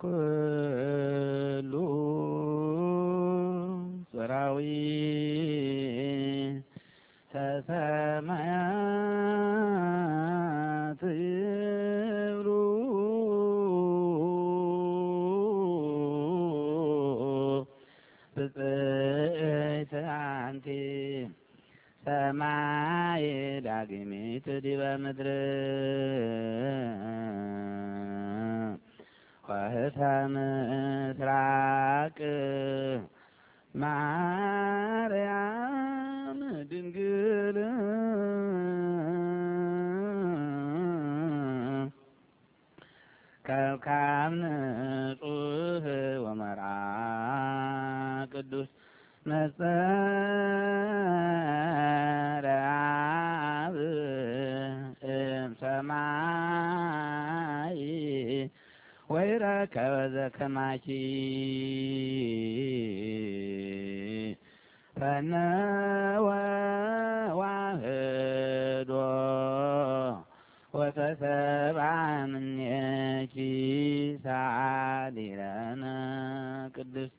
ኩሉ ጾራዊ ተሰማያት ይብሉ ብፅዕት አንቲ ሰማይ ዳግሚት ዲበ ምድር ፍኖተ ምስራቅ ማርያም ድንግል ከብካብ ንጹህ ወመርዓ ቅዱስ መጸረብ ሰማ ወይረከ በዘከማኪ ፈነወ ዋህዶ ወተሰብአ እምኔኪ ሳሊረነ ቅዱስ